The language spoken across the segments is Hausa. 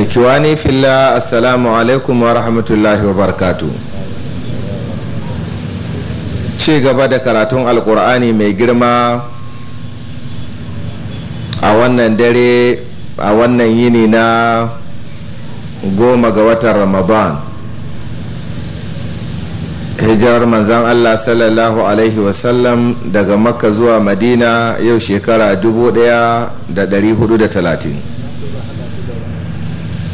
ikiwani filla assalamu alaikum wa rahmatullahi wa barakatu ci gaba da karatun alkur'ani mai girma a wannan dare a wannan yini na goma ga watan ramadan hijirar manzan allah sallallahu alaihi wasallam daga makka zuwa madina yau shekara 1430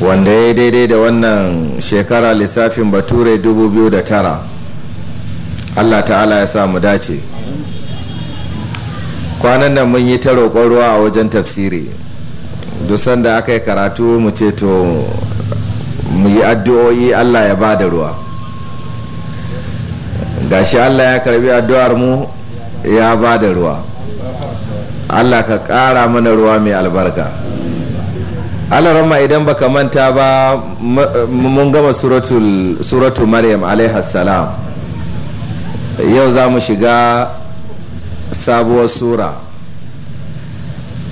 wanda ya daidai da wannan shekara lissafin bature 2009 allah ta'ala ya sa mu dace kwanan nan mun yi ta roƙon ruwa a wajen tafsiri duk sanda aka yi karatu mu ce to mu yi addu'o'i allah ya ba da ruwa gashi allah ya karbi addu'ar mu ya ba da ruwa allah ka ƙara mana ruwa mai albarka alarama idan baka manta ba mun gama suratu maryam salam yau za mu shiga sabuwar sura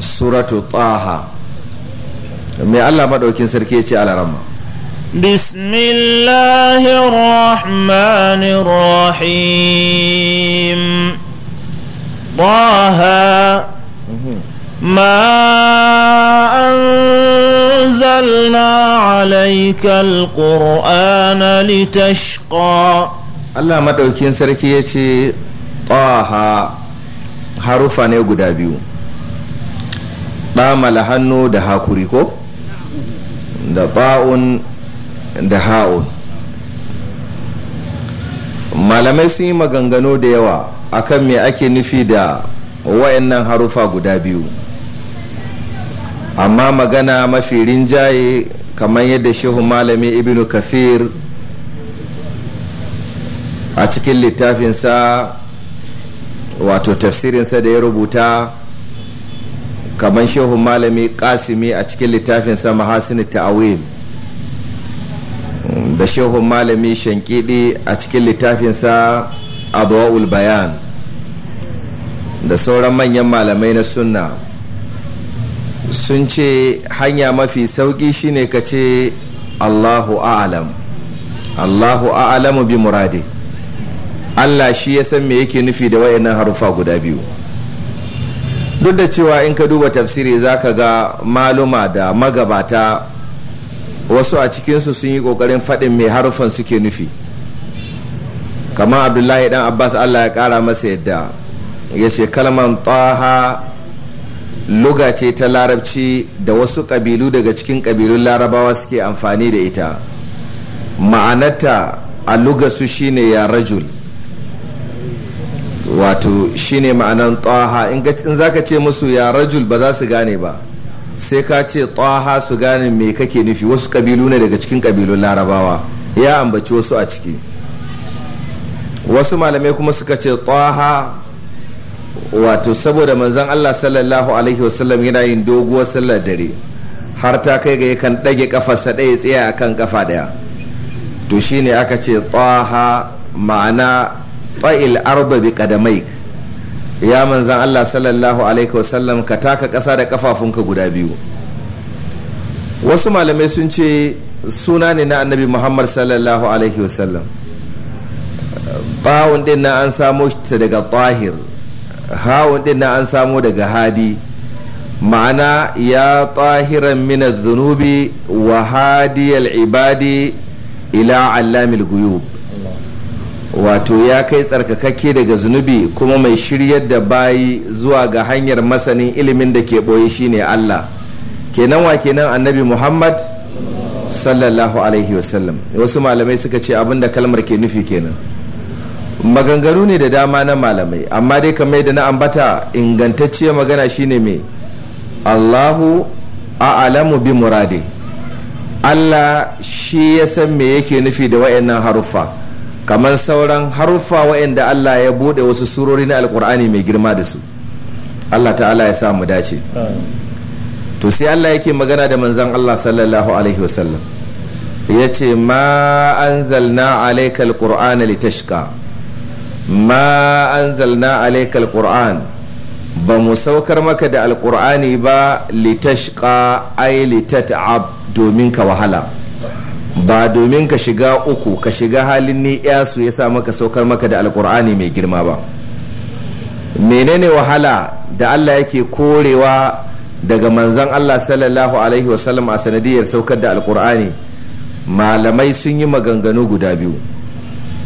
suratu taha mai allah maɗaukin sarki ce alarama bismillahirrahmanirrahim taha mhm. ما أنزلنا عليك القرآن لتشقى الله ما sarki ya ce طاها harufa ne قدابيو با ملحنو دها كوريكو hakuri ko da malamai sun yi maganganu da yawa akan me ake nufi da wayannan harufa guda biyu amma magana mafi rinjaye kamar yadda shehu malami ibnu kafir a cikin littafinsa wato tafsirinsa da ya rubuta kamar shehu malami kasimi a cikin littafinsa mahasin ta'awil da shehu malami shankidi a cikin littafinsa abuwa bayan da sauran manyan malamai na sunna sun ce hanya mafi sauƙi shine ka ce allahu a'alam allahu a'alamu bi murade allah shi ya san me yake nufi da wayannan harufa guda biyu duk da cewa in ka duba tafsiri za ka ga maluma da magabata wasu a cikinsu sun yi ƙoƙarin faɗin mai harufan suke nufi kamar abdullahi dan abbas allah ya ƙara masa yadda ya ce kalman taha luga ce ta larabci da wasu ƙabilu daga cikin ƙabilun larabawa suke amfani da ita ma'anarta a lugasu shine ya rajul wato shine ma'anan tsaha in za ka ce musu ya rajul ba za su gane ba sai ka ce tsaha su gane me kake nufi wasu ƙabilu ne daga cikin ƙabilun larabawa ya ambaci wasu a ciki wasu malamai kuma suka ce tsaha wato saboda manzan Allah sallallahu alaihi wasallam yana yin doguwar sallar dare har ta kai ga yakan ɗage kafarsa ɗaya tsaya akan kafa ɗaya to shine aka ce tsaha ma'ana ta'il arba bi qadamaik ya manzan Allah sallallahu alaihi wasallam ka taka ƙasa da kafafunka guda biyu wasu malamai sun ce suna ne na annabi muhammad sallallahu alaihi wasallam bawon din na an samo ta daga tahir hawun din na an samo daga hadi ma'ana ya tsahiran mina zunubi wa hadiyar ibadi ila allamil guyub wato ya kai tsarkakakke daga zunubi kuma mai shiryar da bayi zuwa ga hanyar masanin ilimin da ke ɓoye shine Allah kenan wa kenan annabi Muhammad sallallahu alaihi wasallam wasu malamai suka ce abinda kalmar ke nufi kenan maganganu ne da dama na malamai amma dai kamar da na ambata ingantacciyar magana shine mai allahu a'lamu bi muradi allah shi ya san me yake nufi da wa'annan haruffa kamar sauran haruffa wa'anda allah ya bude wasu surori na alkur'ani mai girma da su allah ta'ala ya sa mu dace to sai allah yake magana da manzan allah sallallahu alaihi wasallam ya ce ma anzalna alaikal qur'ana litashka. ma anzalna alayka alquran ba mu saukar maka da alqur'ani ba litashqa ay litat'ab domin ka wahala ba domin ka shiga uku ka shiga halin ni su yasa maka saukar maka da alqur'ani mai girma ba menene wahala da Allah yake korewa daga manzan Allah sallallahu alaihi wasallam a sanadiyar saukar da alqur'ani malamai sun yi maganganu guda biyu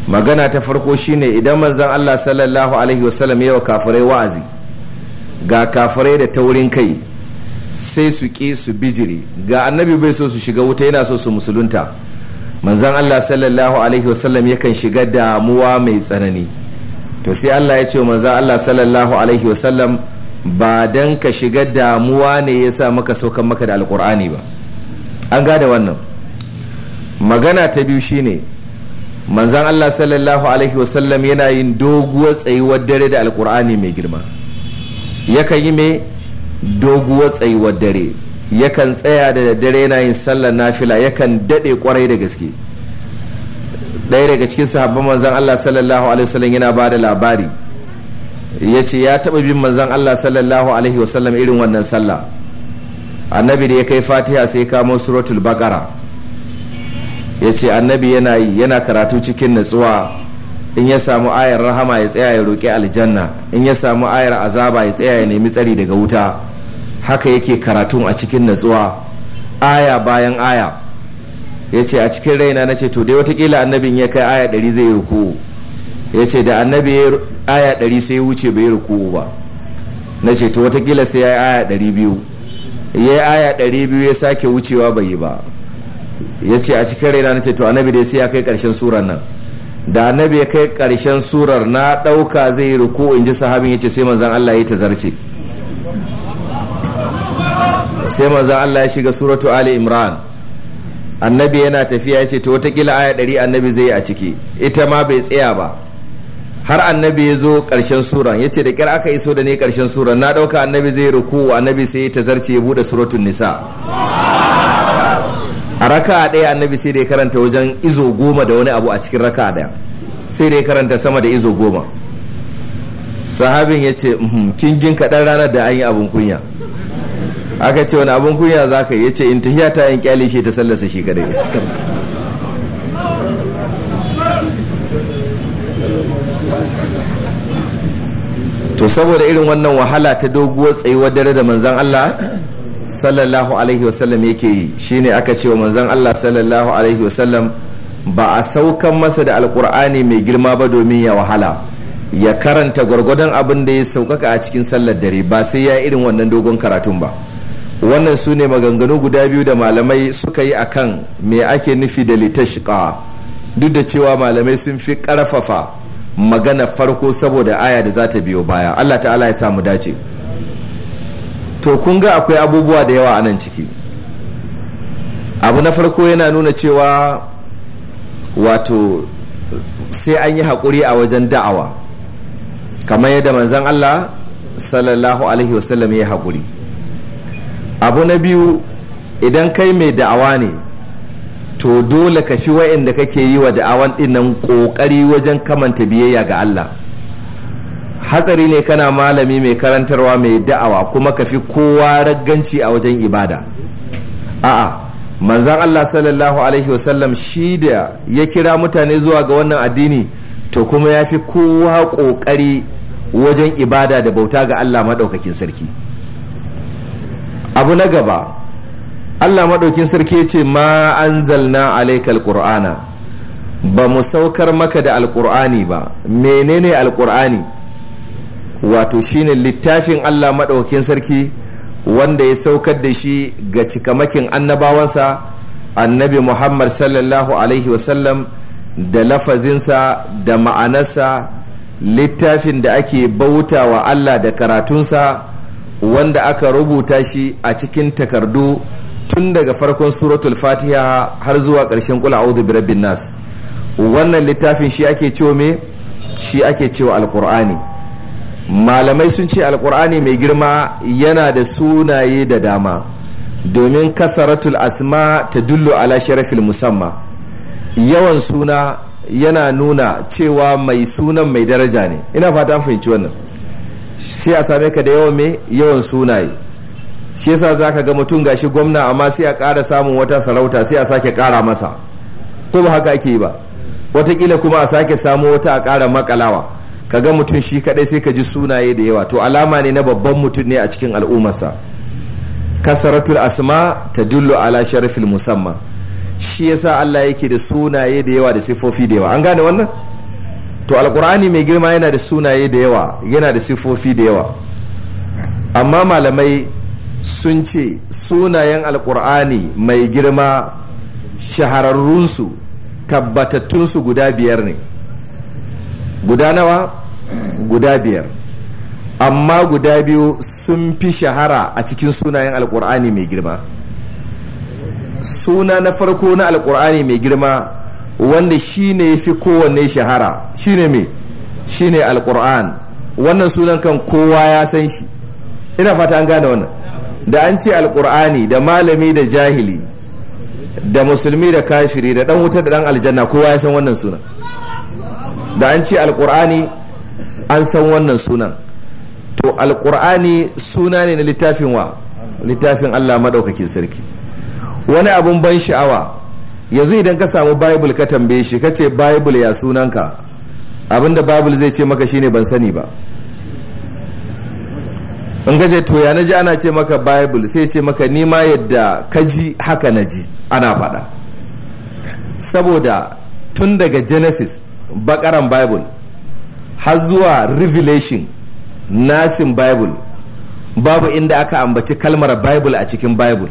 magana ta farko shine idan manzon Allah sallallahu alaihi wasallam yawa kafirai wa'azi ga kafirai da taurin kai sai su ƙi su bijiri ga annabi bai so su shiga wuta yana so su musulunta manzon Allah sallallahu alaihi wasallam yakan shiga damuwa mai tsanani to sai Allah ya ce manzon Allah sallallahu alaihi wasallam ba dan ka shiga damuwa ne yasa maka saukan maka da alkur'ani ba an gada wannan magana ta biyu shine manzan Allah sallallahu alaihi wasallam yana yin doguwar tsayuwar dare da alkur'ani mai girma yakan yi mai doguwar tsayuwar dare yakan tsaya da dare yana yin sallar nafila yakan daɗe kwarai da gaske ɗaya daga cikin sahabban manzan Allah sallallahu alaihi wasallam yana ba da labari ya ce ya taɓa bin manzan Allah sallallahu alaihi wasallam irin wannan sallah annabi da ya kai fatiha sai kamo suratul baqara ya ce annabi yana yi yana karatu cikin natsuwa in ya samu ayar rahama ya tsaya ya roƙi aljanna in ya samu ayar azaba ya tsaya ya nemi tsari daga wuta haka yake karatun a cikin natsuwa aya bayan aya ya ce a cikin raina na ce to dai watakila annabin ya kai aya ɗari zai ruku ya ce da annabi ya aya ɗari sai ya wuce bai ruku ba na ce to watakila sai ya yi aya ɗari biyu ya yi aya ɗari biyu ya sake wucewa bai yi ba ya ce a cikin raina na ce to annabi dai sai ya kai karshen surar nan da annabi ya kai karshen surar na dauka zai yi ruku in ji sahabin ya ce sai manzan Allah ya tazarce sai manzan Allah ya shiga suratu Ali Imran annabi yana tafiya ya ce to watakila aya ɗari annabi zai yi a ciki ita ma bai tsaya ba har annabi ya zo karshen suran ya ce da kyar aka iso da ne karshen suran na dauka annabi zai ruku annabi sai ya tazarce ya buɗe suratun nisa a raka ɗaya annabi sai dai karanta wajen izo goma da wani abu a cikin raka ɗaya sai dai karanta sama da izo goma sahabin ya ce uhm, kingin kaɗan ranar da an yi abin kunya aka ce wani abin kunya za ka yi ya ce in tafiya ta yin kyale shi ta sallasa shi kadai to saboda irin wannan wahala ta doguwar tsayuwar dare da manzan Allah sallallahu alaihi wasallam yake yi shine aka ce wa manzon Allah sallallahu alaihi wasallam ba a saukan masa da alkur'ani mai girma ba domin ya wahala ya karanta gwargwadon abin da ya saukaka a cikin sallar dare ba sai ya irin wannan dogon karatun ba wannan su ne maganganu guda biyu da malamai suka yi akan me ake nufi da litashqa duk da cewa malamai sun fi karfafa magana farko saboda aya da za ta biyo baya allah ta'ala ya sa mu dace to kun ga akwai abubuwa da yawa a nan ciki abu na farko yana nuna cewa wato sai an yi haƙuri a wajen da'awa kamar yadda manzan Allah sallallahu alaihi wasallam ya haƙuri abu na biyu idan kai mai da'awa ne to dole ka fi wa'inda kake yi wa da'awan ɗinnan ƙoƙari wajen kamanta biyayya ga Allah hatsari ne kana malami mai karantarwa mai da'awa kuma ka fi kowa ragganci a wajen ibada a'a manzan allah sallallahu alaihi wasallam shi da ya kira mutane zuwa ga wannan addini to kuma ya fi kowa ƙoƙari wajen ibada da bauta ga allah maɗaukakin sarki abu na gaba allah maɗaukin sarki ce ma an zalna alaikal ƙur'ana ba mu saukar maka da alƙur'ani ba menene alƙur'ani wato shine littafin Allah maɗaukin sarki wanda ya saukar da shi ga cikamakin annabawansa annabi Muhammad sallallahu alaihi wasallam da lafazinsa da ma'anarsa littafin da ake bauta wa Allah da karatunsa wanda aka rubuta shi a cikin takardu tun daga farkon suratul fatiha har zuwa ƙarshen kula audu birabbin nas wannan littafin shi ake cewa me shi ake cewa alkur'ani malamai sun ce alkur'ani mai girma yana da sunaye da dama domin kasaratul asma ta dullo ala sharafil musamma yawan suna yana nuna cewa mai sunan mai daraja ne ina fata an fahimci wannan sai a same ka da yawan mai yawan sunaye shi yasa za ka ga mutum gashi gwamna amma sai a ƙara samun wata sarauta sai a sake ƙara masa ko ba haka ake yi ba watakila kuma a sake samu wata a ƙara makalawa ka ga mutum shi kadai sai ka ji sunaye da yawa to alama ne na babban mutum ne a cikin al'ummarsa kasaratul asma ta dullo ala sharafil musamman shi yasa Allah yake da sunaye da yawa da siffofi da yawa an gane wannan to alkur'ani mai girma yana da sunaye da yawa yana da sifofi da yawa amma malamai sun ce sunayen alkur'ani mai girma shahararrunsu tabbatattunsu guda biyar ne guda nawa guda biyar amma guda biyu sun fi shahara a cikin sunayen alkur'ani mai girma suna na farko na alkur'ani mai girma wanda shi ne ya fi kowanne shahara shi ne mai shi ne alkur'an wannan sunan kan kowa ya san shi ina fata an gane wannan da an ce alkur'ani da malami da jahili da musulmi da kafiri da dan wuta da dan aljanna kowa ya san wannan sunan da an ce alkur'ani an san wannan sunan to alkur'ani suna ne na littafin wa littafin allah maɗaukakin sarki wani abun ban sha'awa yanzu idan ka samu bible ka tambaye shi kace ce bible ya sunanka abinda bible zai ce maka shine ban sani ba in ka ce to ya naji ana ce maka bible sai ce maka nima yadda ka ji haka na ji ana faɗa saboda tun daga genesis bakaran bible har zuwa revelation nasin bible babu inda aka ambaci kalmar bible a cikin bible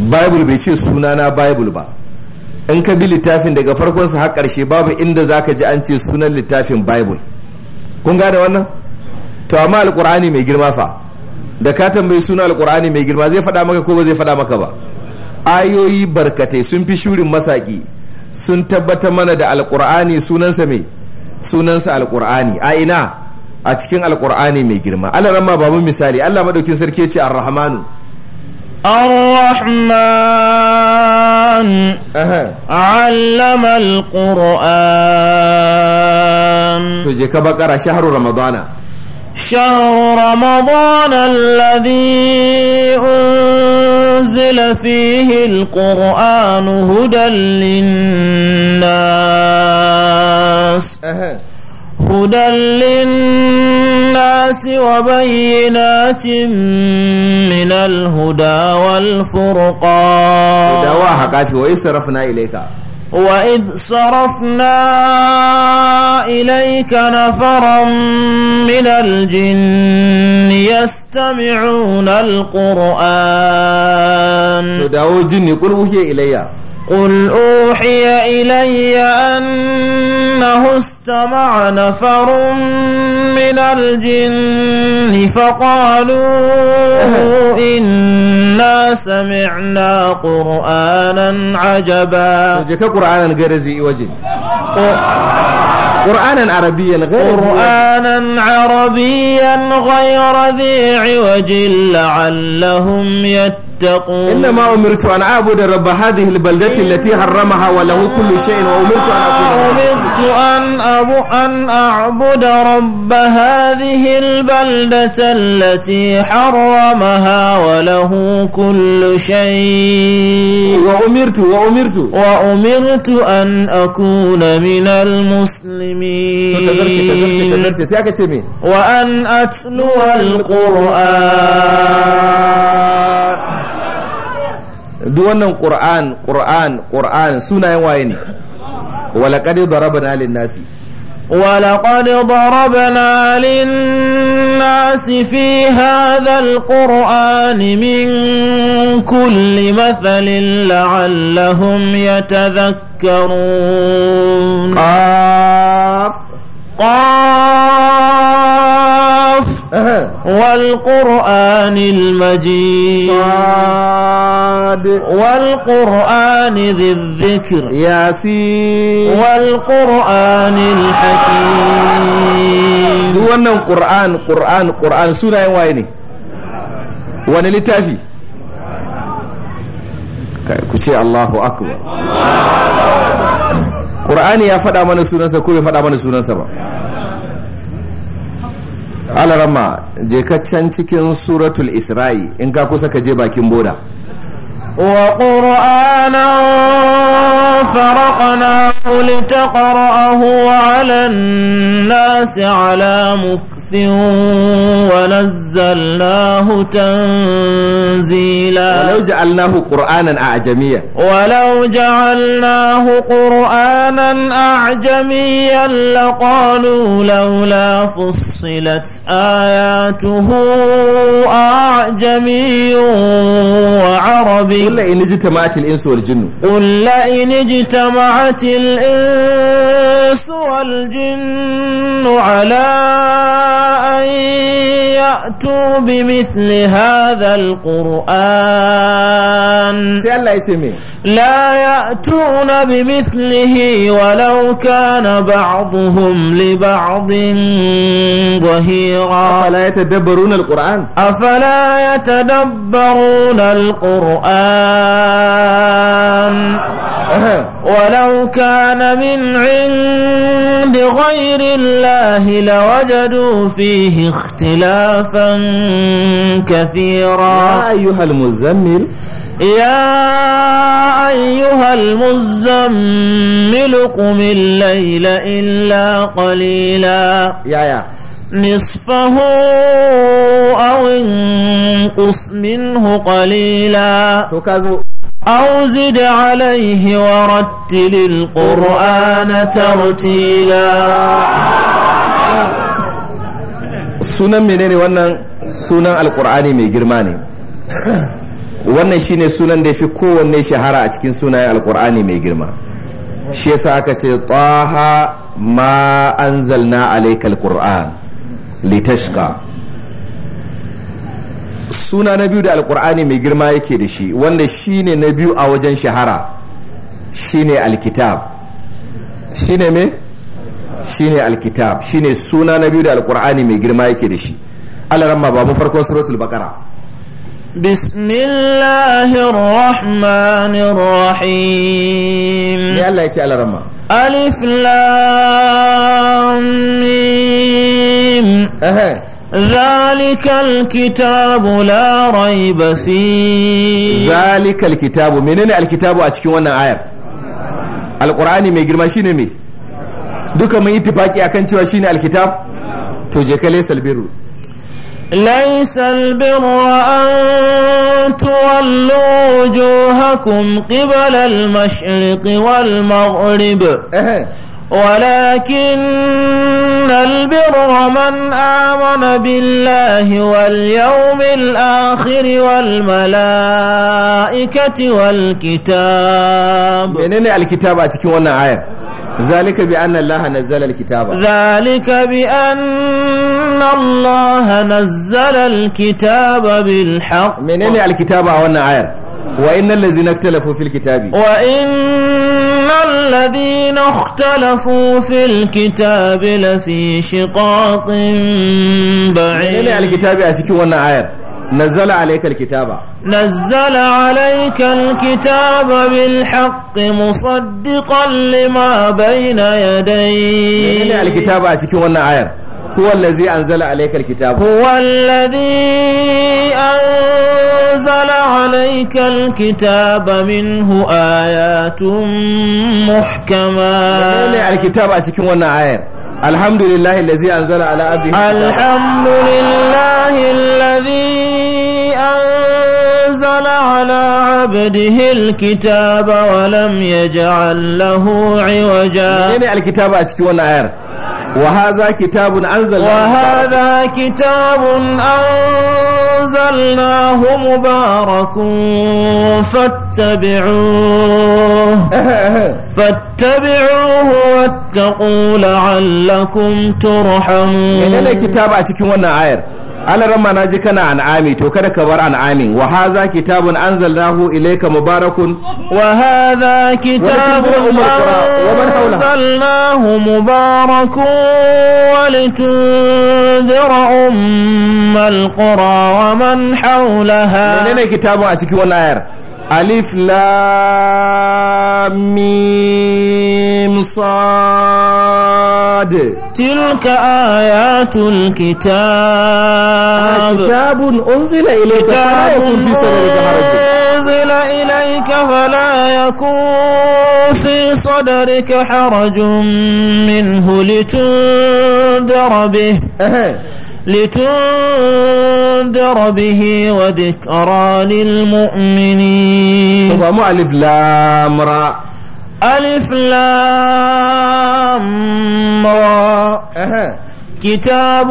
bible bai ce sunana bible ba in ka bi littafin daga farkonsa har ƙarshe babu inda za ka ji an ce sunan littafin bible kun gane wannan to amma alkur'ani mai girma fa da ka tambayi suna alkur'ani mai girma zai faɗa maka ko ba zai faɗa maka ba ayoyi barkatai sun fi shurin masaki sun tabbata mana da alkur'ani sunansa mai sunansa alkur'ani a ina a cikin Alƙur'ani mai girma allah ramma babu misali allah maɗaukin sarki ce ar-rahmanu الرحمن علم القرآن تجيك بقرة شهر رمضان شهر رمضان الذي أنزل أنزل فيه القرآن هدى للناس هدى للناس وبينات من الهدى والفرقان هدى وحقا في وإسرفنا إليك وإذ صرفنا إليك نفرا من الجن يستمعون القرآن تدعو جني قل وهي إليّ قل أوحي إلي أنه استمع نفر من الجن فقالوا إنا سمعنا قرآنا عجبا قرآن الجرزي وجن قرآنا عربيا غير قرآنا عربيا غير ذي عوج لعلهم يتقون تتقون إنما أمرت أن أعبد رب هذه البلدة التي حرمها وله كل شيء وأمرت أن أكون أمرت أن أن أعبد رب هذه البلدة التي حرمها وله كل شيء وأمرت وأمرت وأمرت أن أكون من المسلمين وأن أتلو القرآن duk wannan qur'an qur'an qur'an sunayen waye ne walaqad darabna lin nasi ولقد ضربنا للناس في هذا القرآن من كل مثل لعلهم يتذكرون قاف قاف والقرآن المجيد صاد والقرآن ذي الذكر ياسين والقرآن الحكيم دو wannan Qur'an Qur'an Qur'an sunayen waye ne wani littafi ku ce Allahu akbar Qur'ani ya faɗa mana sunansa ko bai faɗa mana sunansa ba alarama je ka can cikin suratul isra'i in ka kusa ka je bakin boda wa ƙura'anan فرقناه لتقرأه على الناس على مكث ونزلناه تنزيلا ولو جعلناه قرآنا أعجميا ولو جعلناه قرآنا أعجميا لقالوا لولا فصلت آياته أعجمي وعربي قل لئن اجتمعت الإنس والجن قل لئن اجتمعت الإنس والجن على أن يأتوا بمثل هذا القرآن لا يأتون بمثله ولو كان بعضهم لبعض ظهيرا أفلا يتدبرون القرآن أفلا يتدبرون القرآن ولو كان من عند غير الله لوجدوا فيه اختلافا كثيرا يا أيها المزمل يا أيها المزمل قم الليل إلا قليلا يا يا نصفه أو انقص منه قليلا أو زد عليه ورتل القرآن ترتيلا sunan menene wannan sunan alkur'ani mai girma ne wannan shine sunan da ya fi kowanne shahara a cikin sunayen alkur'ani mai girma shi yasa aka ce taha ma anzalna alaikal qur'an litashka. suna na biyu da alkur'ani mai girma yake da shi wanda shi ne na biyu a wajen shahara shi ne alkitab Shi ne me ne alkitab Shi ne suna na biyu da alkur'ani mai girma yake da shi Allah ramma ba mu farkon suratul baqara bismillahir rahmanir rahim me Allah ya ce Allah ramma alif lam ذلك الكتاب لا ريب فيه ذلك الكتاب منين الكتاب a cikin wannan ayar alqur'ani mai girma shine me duka mun ittifaki akan cewa shine alkitab to je kale salbiru ليس البر أن تولوا وجوهكم قبل المشرق والمغرب ولكن إن البر من آمن بالله واليوم الآخر والملائكة والكتاب منين الكتاب أتكي وانا عير ذلك بأن الله نزل الكتاب ذلك بأن الله نزل الكتاب بالحق منين الكتاب وانا عير وإن الذين اختلفوا في الكتاب وإن إن الذين اختلفوا في الكتاب لفي شقاق بعيد يعني الكتاب نزل عليك الكتاب نزل عليك الكتاب بالحق مصدقا لما بين يديه يعني الكتاب هو الذي أنزل عليك الكتاب هو الذي أنزل أنزل عليك الكتاب منه آيات محكمات الكتاب أتكين وانا آير الحمد لله الذي أنزل على عبده الحمد لله الذي أنزل على عبده الكتاب ولم يجعل له عوجا الكتاب أتكين وانا آير وهذا كتاب أنزلناه وهذا كتاب أنزلناه مبارك فاتبعوه فاتبعوه واتقوا لعلكم ترحمون. يعني كتاب أتكلم عن آير. alarama na ji kana an'ami to kada ka bar an'ami wa hadha kitabun anzalnahu ilayka mubarakun wa hadha kitabun anzalnahu mubarakun wa litunzira ummal qura wa man hawlaha menene kitabun a cikin wannan ayar ألف لام ميم صاد تلك آيات الكتاب كتاب أنزل إليك فلا يكون في صدرك حرج أنزل إليك فلا يكون في صدرك حرج منه لتنذر به لتنذر به وذكرى للمؤمنين طبعا مو ألف لام را ألف لام را أه. كتاب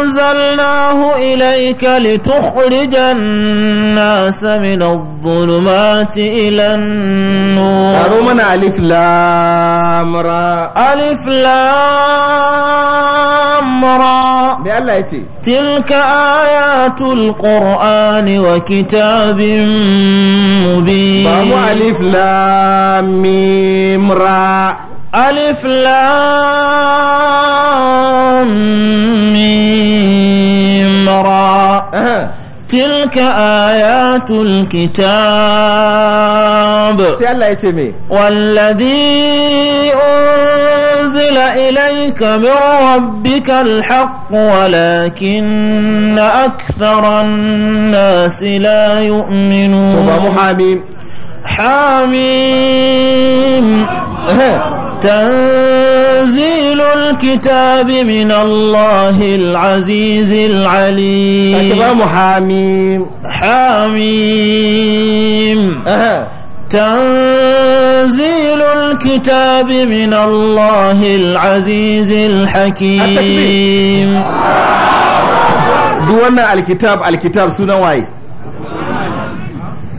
أنزلناه إليك لتخرج الناس من الظلمات إلى النور أرومنا ألف لام را ألف لام أمرا تلك آيات القرآن وكتاب مبين ألف لام ميم را ألف لام ميم را تلك آيات الكتاب والذي أنزل أنزل إليك من ربك الحق ولكن أكثر الناس لا يؤمنون طبعا حميم حميم تنزيل الكتاب من الله العزيز العليم حميم حميم تنزيل تنزيل الكتاب من الله العزيز الحكيم دوانا الكتاب الكتاب سنة واي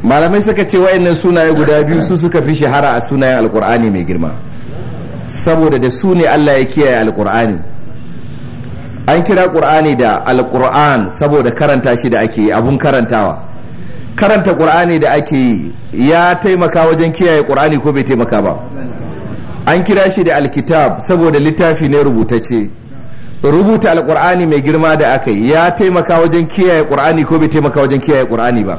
malamai suka ce wa'annan sunaye guda biyu su suka fi shahara a sunayen alkur'ani mai girma saboda da su ne allah ya kiyaye alkur'ani an kira ƙur'ani da alkur'an saboda karanta shi da ake abun karantawa karanta qur'ani da ake yi ya taimaka wajen kiyaye qur'ani ko bai taimaka ba an kira shi da alkitab saboda littafi ne rubutacce rubuta alkur'ani mai girma da aka yi ya taimaka wajen kiyaye qur'ani ko bai taimaka wajen kiyaye qur'ani ba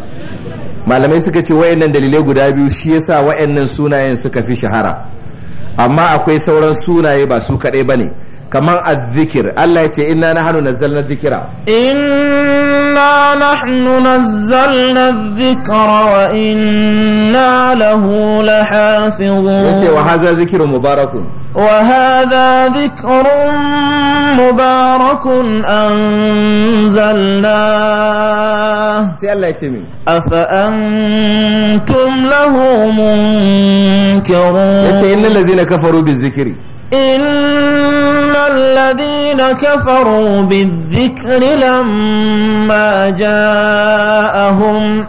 malamai suka ce wayannan dalilai guda biyu shi yasa wayannan sunayen suka fi shahara amma akwai sauran sunaye ba su kadai bane kamar azzikir Allah ya ce inna nahnu nazzalna dhikra إنا نحن نزلنا الذكر وإنا له لحافظون وهذا ذكر مبارك وهذا ذكر مبارك أنزلناه أفأنتم له منكرون إن الذين كفروا بالذكر إن الذين كفروا بالذكر لما جاءهم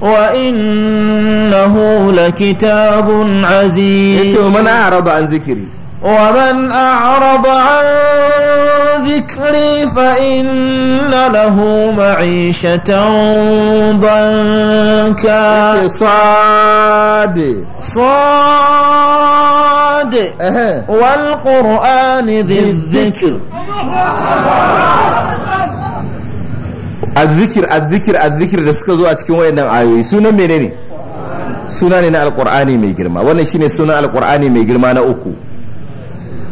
وإنه لكتاب عزيز ومن أعرض عن ذكري ومن أعرض عن ذكري فإن له معيشة ضنكا صاد صاد والقرآن ذي الذكر azzikir azzikir azzikir da suka zo a cikin wayannan ayoyi sunan menene suna ne na alqur'ani mai girma wannan shine sunan alqur'ani mai girma na uku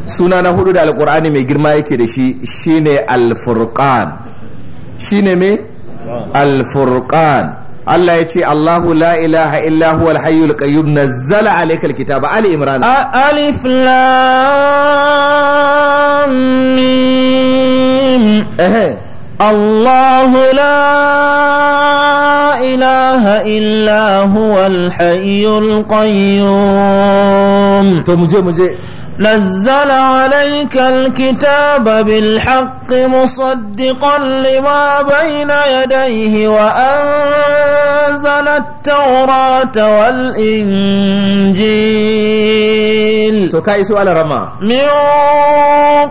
suna na hudu da alkur'ani mai girma yake da shi shine alfurqan shine me alfurqan Allah ya ce Allahu la ilaha illa huwa al-hayyul qayyum nazzala alayka al-kitaba ali imran alif lam mim eh الله لا إله إلا هو الحي القيوم تو مجھے مجھے نزل عليك الكتاب بالحق مصدقا لما بين يديه وأنزل التوراة والإنجيل من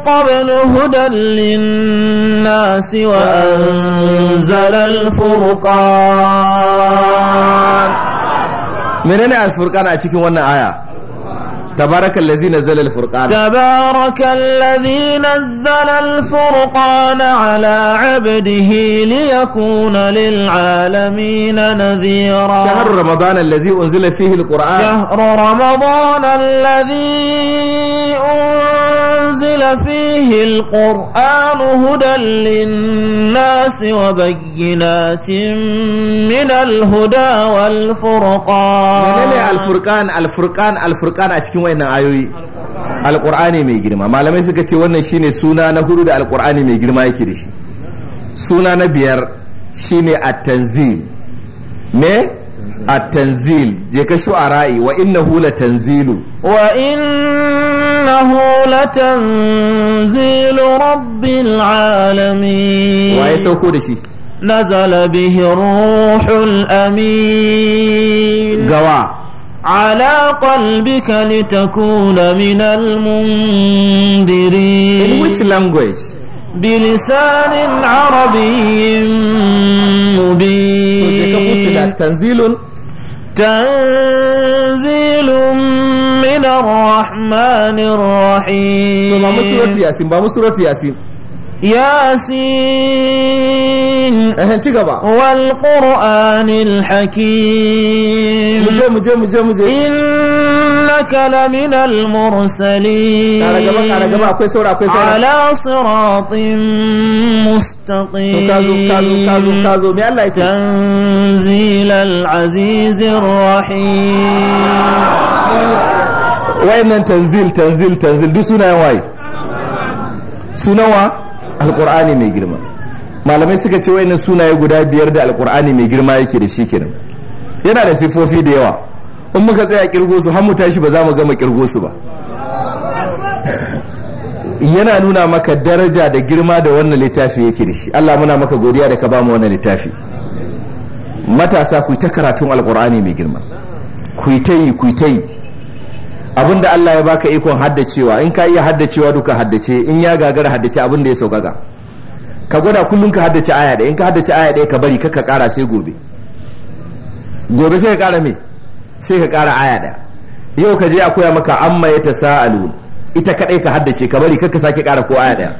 قبل هدى للناس وأنزل الفرقان menene alfurqan a cikin wannan aya تبارك الذي نزل الفرقان تبارك الذي نزل الفرقان على عبده ليكون للعالمين نذيرا شهر رمضان الذي أنزل فيه القرآن شهر رمضان الذي أنزل أنزل فيه القرآن هدى للناس وبينات من الهدى والفرقان الفرقان الفرقان الفرقان أتكلم وين آيوي alkur'ani mai girma malamai suka ce wannan shine suna na hudu da alkur'ani mai girma yake da shi suna na biyar shine at-tanzil me at-tanzil je ka shu'ara'i wa innahu la tanzilu وإنه لتنزيل رب العالمين ويسوكو دشي نزل به الروح الأمين قوا على قلبك لتكون من المنذرين In which language? بلسان عربي مبين تنزيل تنزيل من الرحمن الرحيم ياسين بابو سورة ياسين ياسين اهن تيغبا والقران الحكيم مجي مجي مجي مجي انك لمن المرسلين على صراط مستقيم تنزيل العزيز الرحيم wayannan tanzil tanzil tanzil duk sunayen waye sunawa alkur'ani mai girma malamai suka ce nan sunaye guda biyar da alkur'ani mai girma yake da shi kenan yana da sifofi da yawa in muka tsaya kirgo su har mu tashi ba za mu gama kirgo su ba yana nuna maka daraja da girma da wannan littafi yake da shi Allah muna maka godiya da ka ba mu wannan littafi matasa ku ta karatun alkur'ani mai girma ku ta yi ku ta yi abin da Allah ya baka ikon haddacewa in ka iya haddacewa duka haddace in ya gagara haddace abin da ya saukaka ka gwada kullum ka haddace aya da in ka haddace aya ɗaya ka bari ka ka kara sai gobe gobe sai ka kara me sai ka kara aya da yau ka je a koya maka amma ya ta sa'alu ita kadai ka haddace ka bari ka sake kara ko aya ɗaya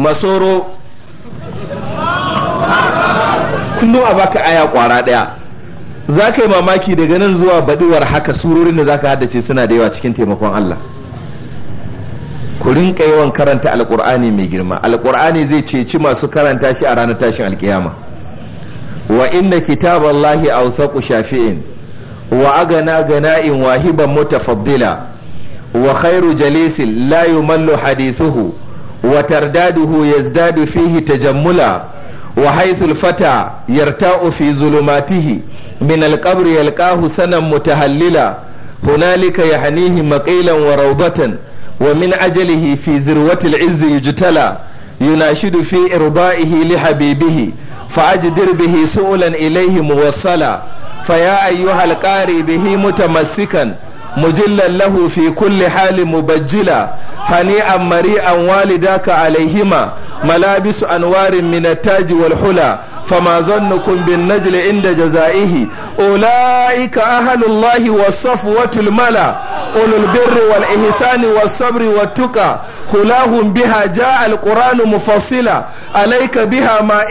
masoro kullum a baka aya kwara daya za ka yi mamaki daga nan zuwa baduwar haka surorin da za ka haddace suna da yawa cikin taimakon Allah ku yawan karanta alkur'ani mai girma alkur'ani zai ceci masu karanta shi a ranar tashin alkiyama wa inna kitaballahi awthaqu shafi'in wa agana gana'in wahiban mutafaddila wa khairu jalisin la yumallu hadithuhu وترداده يزداد فيه تجملا وحيث الفتى يرتاء في ظلماته من القبر يلقاه سنا متهللا هنالك يحنيه مقيلا وروضة ومن عجله في ذروة العز يجتلى يناشد في إرضائه لحبيبه فأجدر به سؤلا إليه موصلا فيا أيها القاري به متمسكا mujillan lahu fi kulli halin bajjila hani amari an walida ka alaihima malabisu anwarin minattaji wal hula fama zannukum bin najli inda jaza'ihi ula'ika ahalullahi wasafu watul mala ulul birri wal ihsani was sabri wat biha jaa al mufassila alayka biha ma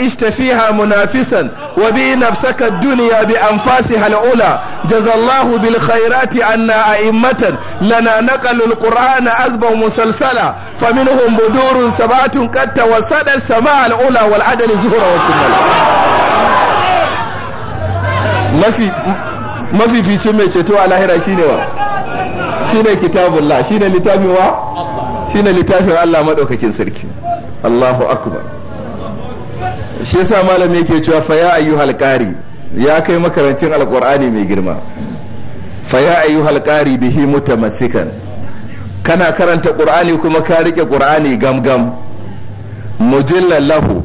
munafisan wa bi nafsaka ad bi anfasiha ula jazallahu bil khairati lana naqalu al musalsala faminhum budurun mafi mai ceto a lahira shine shine kitabullah shine littafin wa shine littafin Allah madaukakin sarki Allahu akbar shi yasa malami yake cewa fa ya ayyuhal qari ya kai makarancin alqur'ani mai girma fa ya ayyuhal qari bihi mutamassikan kana karanta qur'ani kuma ka rike qur'ani gamgam mujallal lahu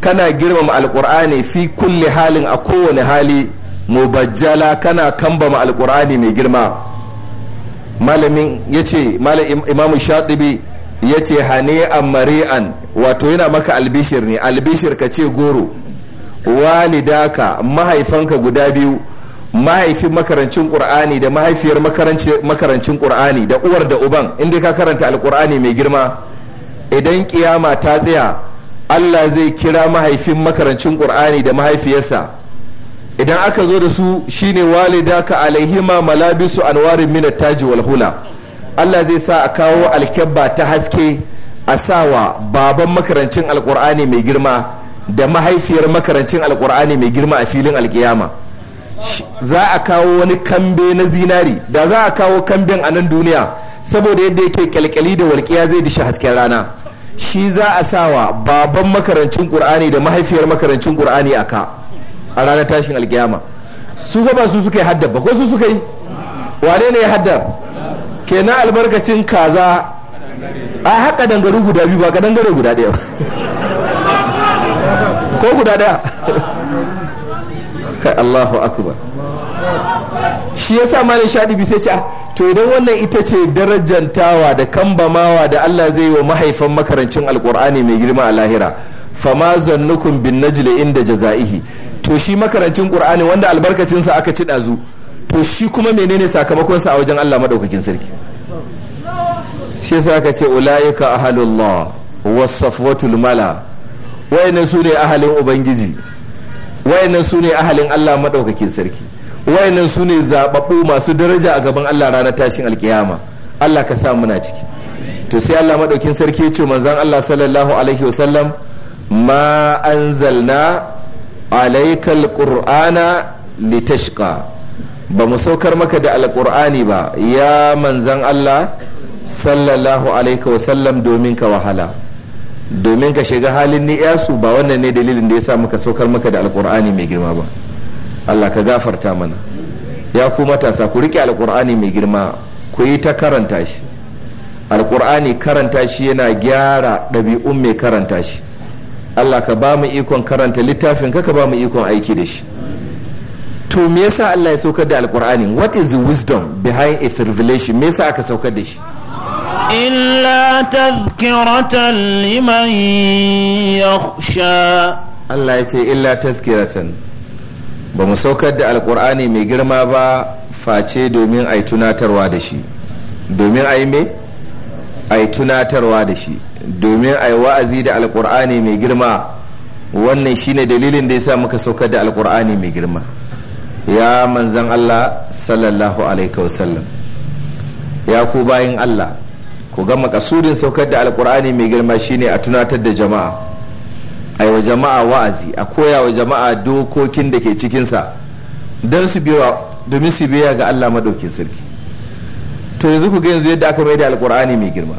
kana girmama alqur'ani fi kulli halin a kowane hali mubajjala kana kambama alqur'ani mai girma malamin ya ce imamu shaɗibi ya ce hane mari'an wato yana maka albishir ne albishir ka ce goro walidaka mahaifanka guda biyu mahaifin makarancin ƙur'ani da mahaifiyar makarancin ƙur'ani da uwar da uban inda ka karanta alƙur'ani mai girma idan ƙiyama ta tsaya allah zai kira mahaifin makarancin ƙur'ani da mahaifiyarsa idan aka zo da su shine walida ka alaihima malabisu anwarin min taji wal hula Allah zai sa a kawo alkyabba ta haske a sawa baban makarancin alkur'ani mai girma da mahaifiyar makarancin alkur'ani mai girma a filin alkiyama za a kawo wani kambe na zinari da za a kawo kamben a nan duniya saboda yadda yake kyalkyali da walƙiya zai dishi hasken rana shi za a sawa baban makarancin ƙur'ani da mahaifiyar makarancin ƙur'ani a ka a ranar tashin alkiyama su ba su suka yi haddar ba ko su suka yi wane ne ya haddar kenan albarkacin kaza a haka dangaru guda biyu ba ka dangare guda ɗaya ko guda ɗaya kai Allahu akbar shi yasa malam shadibi sai ce ah, to idan wannan ita ce darajantawa da kambamawa da Allah zai yi wa mahaifan makarancin alkur'ani mai girma a lahira fama zannukun bin najli inda jaza'ihi to shi makarancin qur'ani wanda albarkacinsa aka ci ɗazu to shi kuma menene sakamakonsa a wajen Allah madaukakin sarki shi yasa aka ce ulaika ahlullah wasafwatul mala wayannan su ne ahalin ubangiji wayannan su ne ahalin Allah madaukakin sarki wayannan su ne zababbu masu daraja a gaban Allah ranar tashin alkiyama Allah ka sa muna ciki to sai Allah maɗaukin sarki ya ce manzon Allah sallallahu alaihi wasallam ma anzalna alaikal qur'ana litashqa ba mu saukar maka da alqur'ani ba ya manzan Allah sallallahu alaihi sallam domin ka wahala domin ka shiga halin ni'yasu ba wannan ne dalilin da ya sa muka saukar maka da alqur'ani mai girma ba Allah ka gafarta mana ya ku matasa ku rike alqur'ani mai girma ku yi ta karanta shi alqur'ani karanta shi yana gyara ɗabi'un mai karanta shi Allah ka ba mu ikon karanta littafin ka ka ba mu ikon aiki da shi to me yasa Allah ya saukar da alkur'ani what is the wisdom behind its revelation me yasa aka saukar da shi illa tazkiratan liman yakhsha Allah ya ce illa tazkiratan ba mu saukar da alkur'ani mai girma ba face domin ai tunatarwa da shi domin ai me ai tunatarwa da shi domin a yi wa'azi da alkur'ani mai girma wannan shine dalilin da ya sa muka saukar da alkur'ani mai girma ya manzan Allah sallallahu alaihi wasallam ya ku bayan Allah ku ga makasudin saukar da alkur'ani mai girma shine a tunatar da jama'a a wa jama'a wa'azi a koya wa jama'a dokokin da ke cikinsa don su biya domin su biya ga Allah maɗaukin sarki to yanzu ku ga yanzu yadda aka mai da alkur'ani mai girma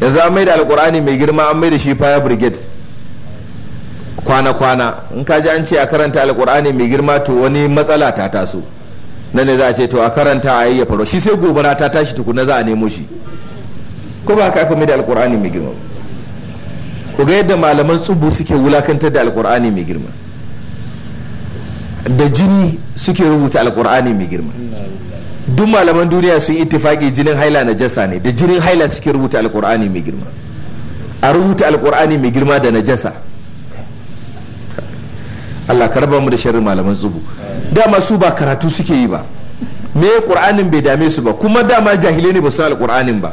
yanzu an maida alkur'ani mai girma an maida shi fire brigade kwana-kwana in ka ji an ce a karanta alkur'ani mai girma to wani matsala ta taso na ne za a ce to a karanta a yayyafa ruwa shi sai gobara ta tashi tukuna za a nemo shi ko ba haka maida alkur'ani mai girma ku ga yadda malaman tsubu suke wulakantar da alkur'ani mai girma da jini suke rubuta alkur'ani mai girma duk malaman duniya sun ittifaki jinin haila na jasa ne da jinin haila suke rubuta alkur'ani mai girma a rubuta alkur'ani mai girma da na jasa Allah ka raba mu da sharrin malaman tsubu dama su ba karatu suke yi ba me ƙur'anin bai dame su ba kuma dama jahilai ne ba su alkur'anin ba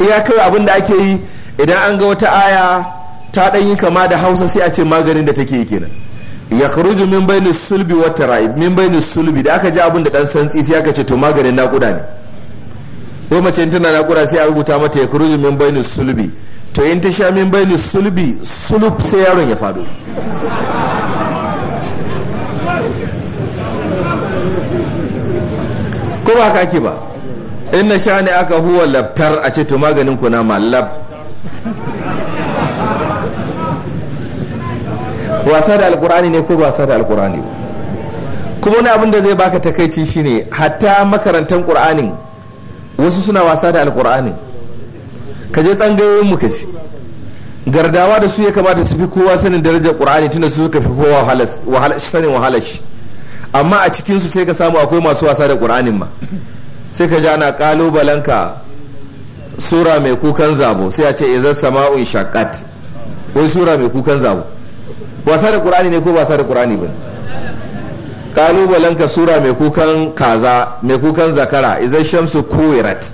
iya kai abin da ake yi idan an ga wata aya ta ɗan yi kama da hausa sai a ce maganin da take yi kenan ya kharuju min ni sulbi wa tara'ib min ni sulbi da aka ji abin da dan santsi sai aka ce to maganin nakuda ne ko mace in tana nakuda sai a rubuta mata ya kharuju min ni sulbi to in ta sha min ni sulbi sulub sai yaron ya fado ko ba ka ake ba in na sha ne aka huwa labtar a ce to maganin ma lab wasa da alkur'ani ne ko ba wasa da alkur'ani ba kuma wani abin da zai baka takaici shine hatta makarantar qur'ani wasu suna wasa da alkur'ani ka je tsangayoyin mu ka ci gardawa da su ya kamata su fi kowa sanin darajar qur'ani tunda su suka fi kowa sanin wahalashi shi amma a cikin su sai ka samu akwai masu wasa da qur'anin ma sai ka ji ana kalubalanka sura mai kukan zabo sai a ce izar sama'un shaqqat wai sura mai kukan zabo wasa da qur'ani ne ko wasa da qur'ani bane kalubalen ka sura mai kukan kaza mai kukan zakara idan shamsu kuwirat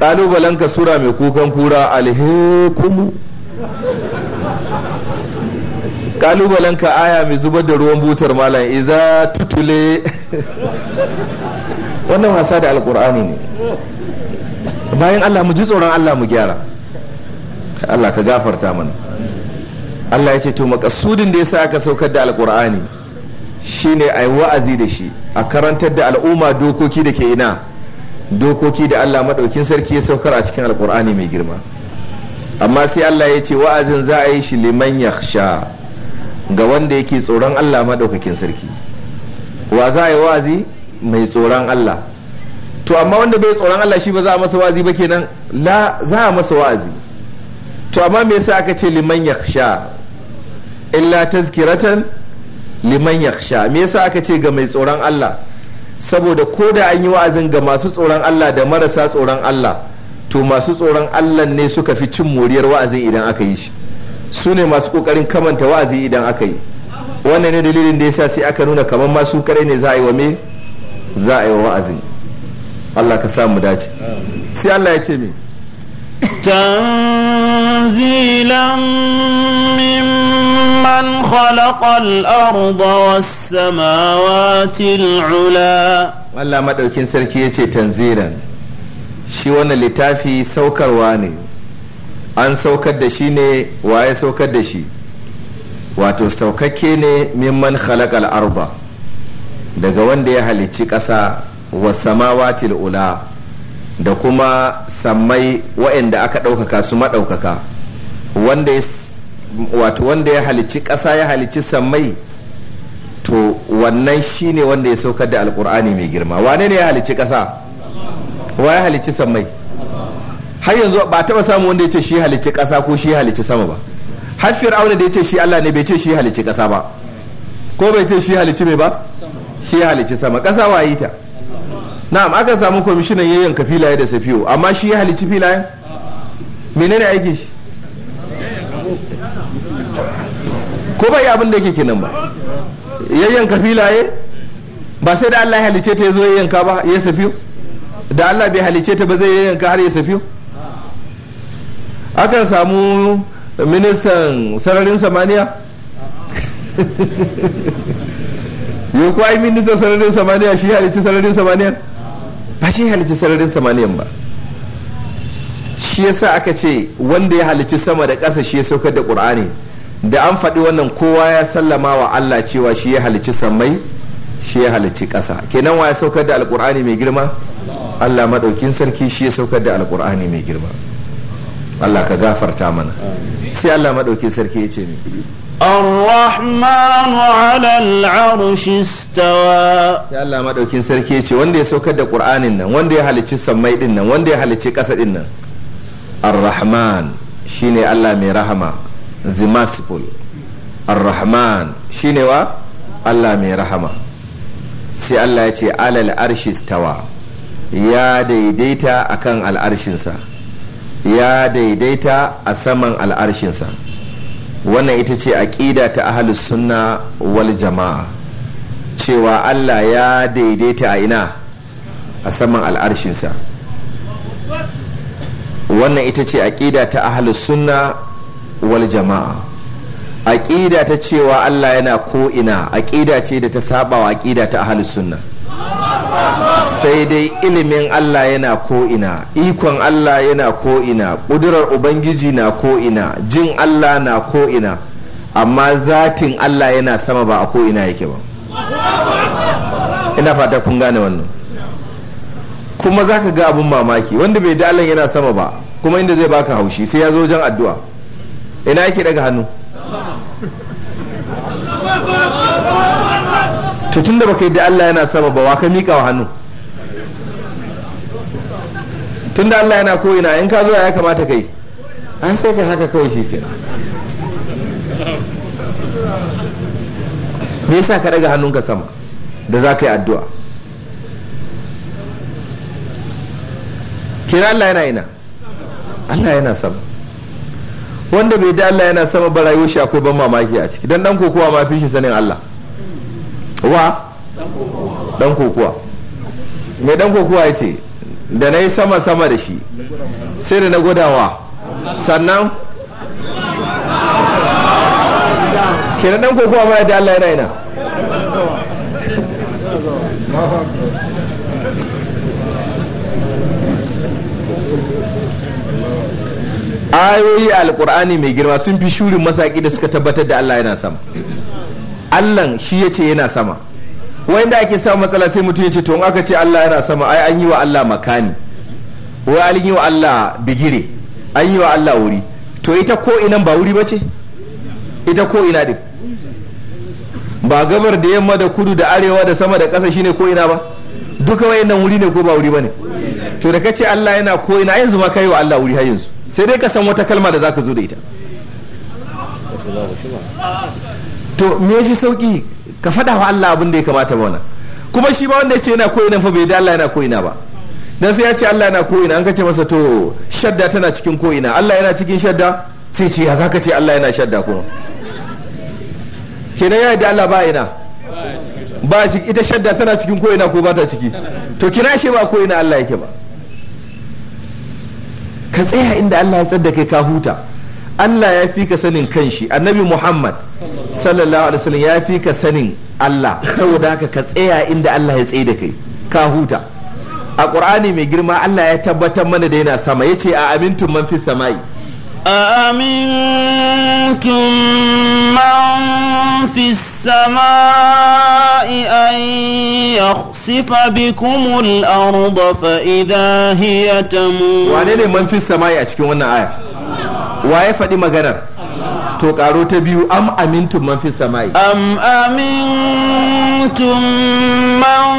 kalubalen ka sura mai kukan kura alhekumu kalubalen ka aya mai zubar da ruwan butar malam iza tutule wannan wasa da alkur'ani ne bayan allah mu ji tsoron allah mu gyara allah ka gafarta mana Allah ya ce to makasudin da ya sa aka saukar da alkur'ani shine yi wa'azi da shi a karantar da al'umma dokoki da ke ina dokoki da Allah maɗaukin sarki ya saukar a cikin alkur'ani mai girma amma sai Allah ya ce wa'azin za a yi shi liman ya ga wanda yake tsoron Allah madaukakin sarki wa za a yi wa'azi mai tsoron Allah to amma wanda bai tsoron Allah shi ba za a masa wa'azi ba kenan la za a masa wa'azi to amma me yasa aka ce liman yakhsha illa tazkiratan liman yakhsha me yasa aka ce ga mai tsoron Allah saboda ko da an yi wa'azin ga masu tsoron Allah da marasa tsoron Allah to masu tsoron Allah ne suka fi cin moriyar wa'azin idan aka yi shi su ne masu kokarin kamanta wa'azi idan aka yi wannan ne dalilin da yasa sai aka nuna kamar ma su kare ne za a yi wa me za a yi wa wa'azin Allah ka samu dace sai Allah ya ce me تنزيلا ممن خلق الأرض والسماوات العلا والله ما دوكين سركي يتي تنزيلا shi wannan littafi saukarwa ne an saukar da shi ne waye saukar da shi wato saukakke ne mimman khalaqal arba daga wanda ya halicci ƙasa wa samawatil ula da kuma sammai waɗanda aka ɗaukaka su maɗaukaka wanda ya wato wanda ya halicci ƙasa ya halicci sammai to wannan shi ne wanda ya saukar da alkur'ani mai girma wane ne ya halicci ƙasa wa ya halicci sammai har yanzu ba taɓa samu wanda ya ce shi halicci ƙasa ko shi halicci sama ba har auna da ya ce shi Allah ne bai ce shi halicci ƙasa ba ko bai ce shi halicci mai ba shi halicci sama ƙasa wa yi ta na'am aka samu kwamishinan yayyanka filaye da safiyo amma shi ya halicci filayen menene aiki shi ko ba abin da yake kenan ba yayyanka filaye ba sai da Allah ya halice ta ya zo yayyanka ba ya safiyo da Allah bai halice ta ba zai yayyanka har ya safiyo akan samu ministan sararin samaniya yau ko ai ministan sararin samaniya shi halice sararin samaniya ba shi halice sararin samaniya ba shi yasa aka ce wanda ya halici sama da ƙasa shi ya saukar da ƙur'ani da an faɗi wannan kowa ya sallama wa Allah cewa shi ya halicci sammai shi ya halicci ƙasa kenan wa ya saukar da alƙur'ani mai girma Allah maɗaukin sarki shi ya saukar da alƙur'ani mai girma Allah ka gafarta mana sai Allah maɗaukin sarki ya ce ne الرحمن على العرش استوى Allah madaukin sarki ce wanda ya saukar da Qur'anin nan wanda ya halicci samai din nan wanda ya halicci ƙasa din nan Ar-Rahman shine Allah mai rahama the merciful ar-rahman shine wa Allah mai rahama sai Allah ya ce alal arshi stawa ya daidaita akan al'arshinsa ya daidaita a saman al'arshinsa wannan ita ce aƙida ta ahalus sunna wal jama'a cewa Allah ya daidaita a ina a saman al'arshinsa wannan ita ce aƙida ta ahalus sunna wal jama'a aƙida ta cewa Allah yana ko ko'ina aƙida ce da ta saba wa aƙida ta ahlus sunna sai dai ilimin Allah yana ko ina ikon Allah yana ko ina ƙudurar ubangiji na ko ina jin Allah na ko ina amma zatin Allah yana sama ba a ko ina yake ba ina fata kun gane wannan kuma za ga abin mamaki wanda bai da Allah yana sama ba kuma inda zai baka haushi sai ya zo wajen addu'a ina yake daga hannu to tunda baka yi da Allah yana sama ba wa ka mika wa hannu tunda Allah yana ko ina in ka zo ya kamata kai an sai ka haka kawai shi ke me yasa ka daga hannunka sama da za ka yi addu'a kira Allah yana ina Allah yana sama wanda bai da Allah yana sama ba rayuwar shi akwai ban mamaki a ciki dan dan kokowa ma fi shi sanin Allah wa dan kokowa me dan kokowa yace da nayi sama sama da shi sai da na godawa sannan kenan dan kokowa ma da Allah yana yana ayoyi a alkur'ani mai girma sun fi shurin masaki da suka tabbatar da Allah yana sama Allah shi ya ce yana sama Wai da ake samun matsala sai mutum ya ce to aka ce Allah yana sama ai an yi wa Allah makani wai an yi wa Allah bigire an yi wa Allah wuri to ita ko inan ba wuri bace ita ko ina din ba gabar da yamma da kudu da arewa da sama da ƙasa shine ko ina ba duka wayannan wuri ne ko ba wuri bane to da kace Allah yana ko ina yanzu ma kai wa Allah wuri har yanzu sai dai ka san wata kalma da zaka zo da ita to me shi sauki ka faɗa wa Allah abin da ya kamata ba wannan kuma shi ba wanda ya ce yana koyi nan fa bai da Allah yana koyi na ba dan sai ya ce Allah yana koyi na an kace masa to shadda tana cikin koyi na Allah yana cikin shadda sai ce ya zaka ce Allah yana shadda kuma kenan ya da Allah ba ina ba ita shadda tana cikin koyi na ko ba ta ciki to kina shi ba koyi na Allah yake ba ka tsaya inda Allah ya tsada kai ka huta Allah ya fi ka sanin kanshi annabi Muhammad sallallahu alaihi wasallam ya fi ka sanin Allah saboda haka ka tsaya inda Allah ya tsaye da kai ka huta a ƙur'ani mai girma Allah ya tabbatar mana da yana sama yace a amintun man fi sama'i أأمنتم من في السماء أن يخسف بكم الأرض فإذا هي تمور وعنين من في السماء أشكي وانا آية وعي فدي مغنر wato karo ta biyu am amintum man fi samai am amintum man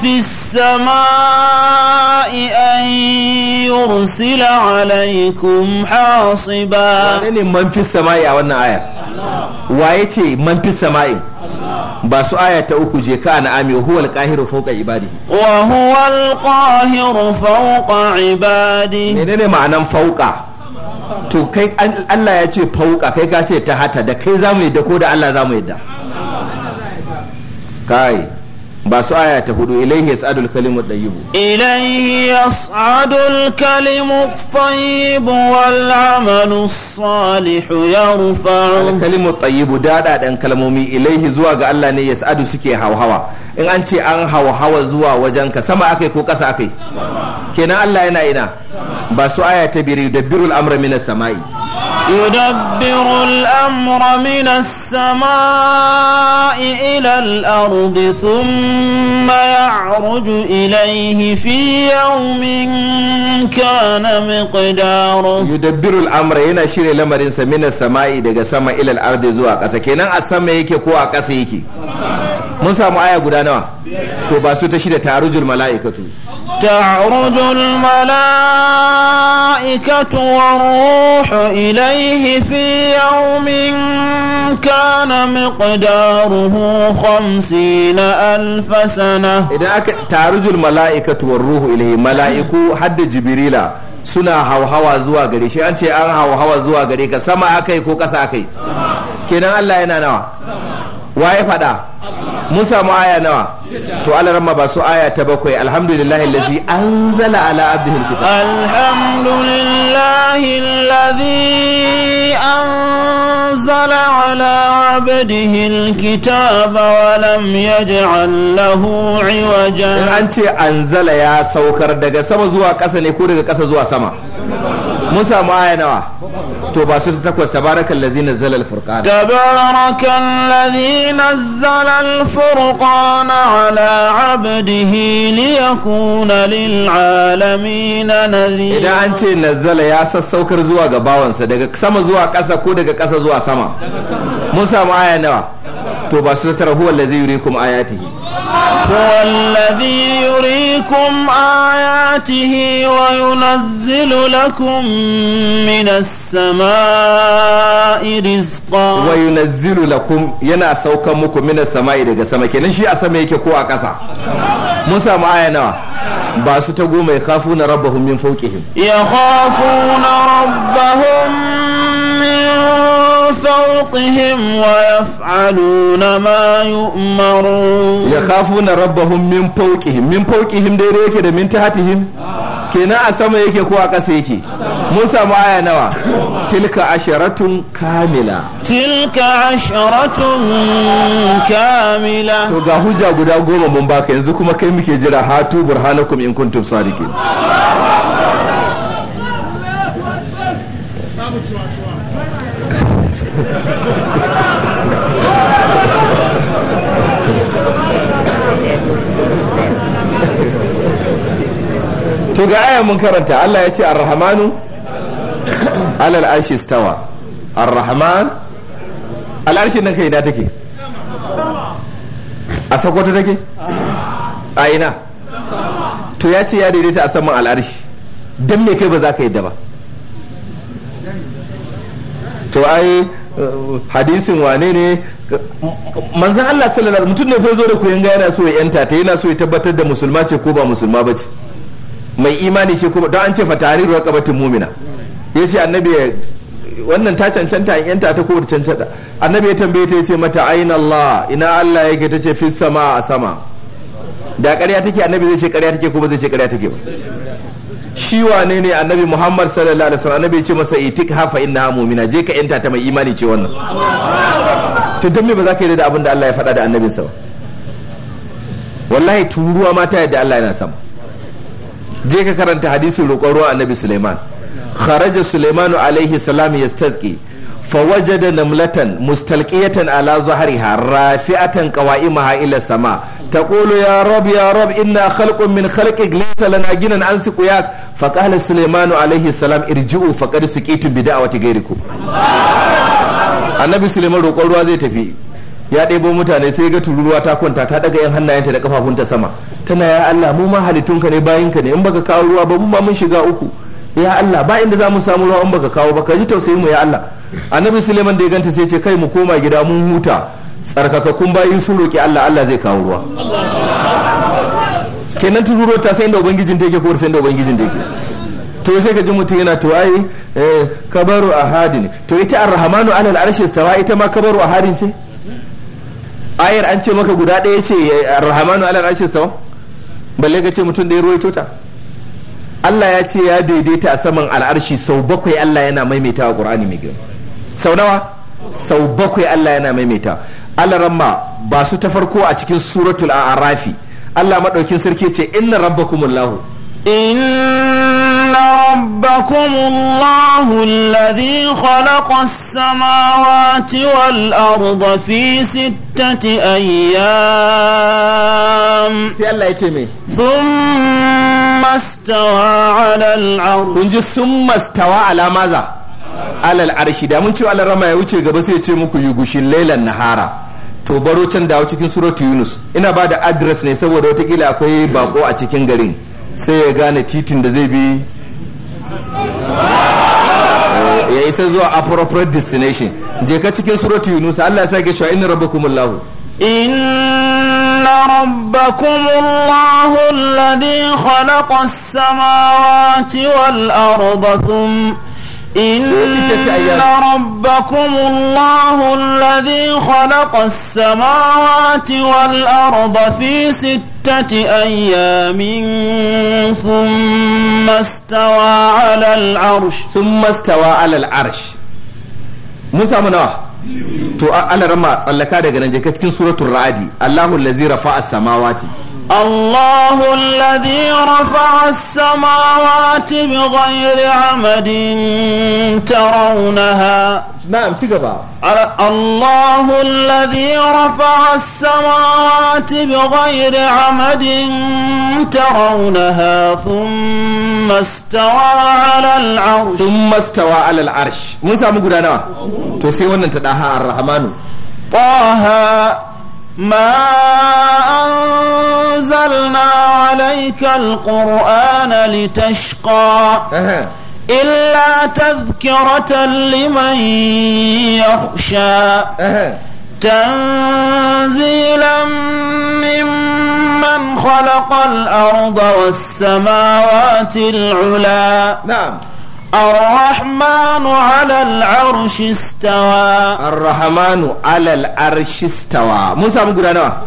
fi samai an yursila alaikum hasiba wane ne man fi samai a wannan aya waye ce man fi samai ba su aya ta uku je ka na ami huwa alqahiru fawqa ibadi wa huwa alqahiru fawqa ibadi menene ma'anan fawqa to kai Allah ya ce fauka kai ka ce ta hata da kai za mu yadda ko da Allah za mu yadda kai ba su aya ta hudu ilaihi yas'adul kalimu tayyibu ilaihi yas'adul kalimu tayyibu wal amalu salihu yarfa'u kalimu tayyibu dada dan kalmomi ilaihi zuwa ga Allah ne yas'adu suke hauhawa in an ce an hauhawa zuwa wajen ka sama akai ko kasa akai kenan Allah yana ina ba su aya ta biri dabbirul amra minas sama'i يدبر الأمر من السماء إلى الأرض ثم يعرج إليه في يوم كان مقداره يدبر الأمر هنا شير لمر من السماء دقى سما إلى الأرض زوا قسا كينا السماء يكي كوا قسا يكي من سامو آية قدانا تو باسو تشير تعرج الملائكة تعرج الملائكة والروح إليه في يوم كان مقداره خمسين ألف سنة إذا أك... تعرج الملائكة والروح إليه ملائكو حد جبريل suna hauhawa zuwa gare shi an ce an hauhawa zuwa gare ka sama akai ko ƙasa akai kenan Allah yana nawa waye fada mun samu aya nawa to alaramma ba su aya ta bakwai alhamdulillahi allazi anzala ala abdihi alkitab alhamdulillahi allazi anzala ala abdihi alkitab wa lam yaj'al lahu iwaja in an ce anzala ya saukar daga sama zuwa ƙasa ne ko daga ƙasa zuwa sama mun samu aya nawa to ba su takwas tabarakan ladzi nazzala zalal furkana tabarakan ladzi nazzala zalal furkana ala 'abdihi kuna lil na nazi idan an ce nazzala ya sassaukar zuwa ga bawansa daga sama zuwa ƙasa ko daga ƙasa zuwa sama mun samu aya nawa to ba su tara huwa yuri kuma ayatihi هو الذي يريكم آياته وينزل لكم من السماء رزقا وينزل لكم yana saukan muku min samai daga sama kenan shi a sama yake ko a ƙasa mun aya nawa ba ta goma ya khafuna rabbahum min fawqihim rabbahum فوقهم ويفعلون ما يؤمرون يخافون ربهم من فوقهم من yake da min tahatihim kenan a sama yake ko a ƙasa yake mun samu aya nawa tilka asharatun kamila tilka asharatun kamila to ga hujja guda goma mun baka yanzu kuma kai muke jira hatu burhanakum in kuntum sadiqin to ga aya mun karanta Allah ya ce arrahmanu rahmanu alal arshi stawa arrahman al arshi nan kai da take a sakwata take a ina to ya ce ya daidaita a saman al arshi dan me kai ba za ka yadda ba to ai hadisin wane ne manzan Allah sallallahu alaihi mutum ne fa zo da ku yanga yana so ya yanta ta yana so ya tabbatar da musulma ce ko ba musulma ba ce mai imani shi kuma don an ce fatari ruwa kabatin mumina ya ce annabi wannan ta cancanta in yanta ta kowace cancanta annabi ya tambaye ta ya ce mata aina Allah ina Allah ya ta ce fi sama a sama da ƙarya take annabi zai ce ƙarya take ko ba zai ce ƙarya take ba shi wane ne annabi Muhammad sallallahu alaihi wasallam annabi ya ce masa itik hafa ha mu'mina je ka yanta ta mai imani ce wannan to dan me ba za ka yi da abin da Allah ya faɗa da annabinsa ba wallahi turuwa mata yadda Allah yana sama je ka karanta hadisin roƙon ruwa annabi suleiman kharaja suleimanu alaihi salam ya tazki fa wajada namlatan mustalqiyatan alazu zuhriha rafi'atan qawaimaha ila sama taqulu ya rab ya rab inna khalqan min khalqi laysa lana ginan an siquya fa qala suleimanu alaihi salam irji'u fa qad siqitu bi da'wati ghayrikum annabi suleiman roƙon zai tafi ya debo mutane sai ga tururuwa ta kwanta ta ɗaga yan hannayenta da kafafunta sama tana ya Allah mu ma halittunka ne bayinka ne in baka kawo ruwa ba mu ma mun shiga uku ya Allah ba inda za mu samu ruwa in baka kawo ba ka ji tausayin mu ya Allah annabi suleiman da ya ganta sai ce kai mu koma gida mun huta tsarkakakkun bayin sun roki Allah Allah zai kawo ruwa kenan tururo ta sai inda ubangijin take ko sai inda ubangijin take to sai ka ji mutum yana to ai eh, kabaru ahadin to ita arrahmanu alal arshi stawa ita ma kabaru ahadin ce ayar an ce maka guda ɗaya ce arrahmanu alal arshi stawa balle ga ce mutum da ya ruwaito ta Allah ya ce ya daidaita a saman al'arshi sau bakwai Allah yana maimaita wa Qur'ani mai girma sau nawa sau bakwai Allah yana maimaita Allah ramma ba su ta farko a cikin suratul a'rafi Allah madaukin sarki ce inna rabbakumullahu in ربكم الله الذي خلق السماوات والأرض في ستة أيام ثم استوى على العرش كنت ثم استوى على ماذا على العرش دا mun ce Allah rama ya wuce gaba يقوش ya النهارة to baro can dawo cikin surati Yunus ina ba da address ne saboda wata kila akwai bako a cikin garin sai ya gane titin da zai bi Eh, ya isa zuwa appropriate destination je ka cikin suratu yunus Allah ya sake cewa inna rabbakumullahu inna rabbakumullahu alladhi khalaqa as-samawati wal arda thumma إن ربكم الله الذي خلق السماوات والأرض في ستة أيام ثم استوى على العرش ثم استوى على العرش موسى منوح to Allah rama tsallaka daga nan je cikin suratul ra'adi Allahu allazi rafa'a samawati الله الذي رفع السماوات بغير عمد ترونها نعم تقبع الله الذي رفع السماوات بغير عمد ترونها ثم استوى على العرش ثم استوى على العرش موسى انا نوا تسيونا تدعها الرحمن طه ما أنزلنا عليك القرآن لتشقى إلا تذكرة لمن يخشى تنزيلا ممن خلق الأرض والسماوات العلى نعم الرحمن على العرش استوى الرحمن على العرش استوى موسى مغرا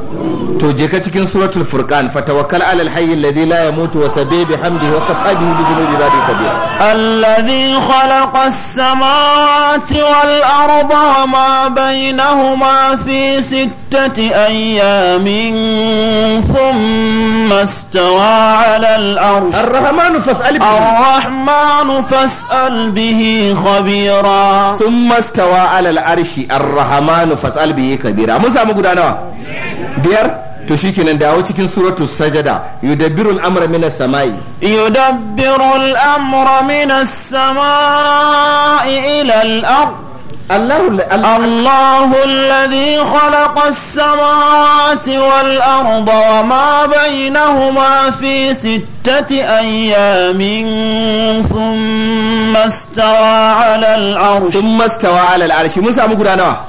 تو je cikin suratul furqan fatawakkal ala alhayy alladhi la yamutu wa sabbi bihamdihi wa kafa bihi bizunubi ibadihi kabir alladhi khalaqa as-samawati wal arda wa ma bainahuma fi sittati ayamin thumma istawa ala rahmanu rahmanu fas'al bihi khabira Sun mastawa alal al'arshi ar fas'al bihi kabira mun samu guda nawa biyar to shikenan dawo cikin suratul sajada yudabbiru al-amra minas samai yudabbiru al-amra samai ila al-ard الله الله الذي خلق السماوات والأرض وما بينهما في ستة mun samu guda nawa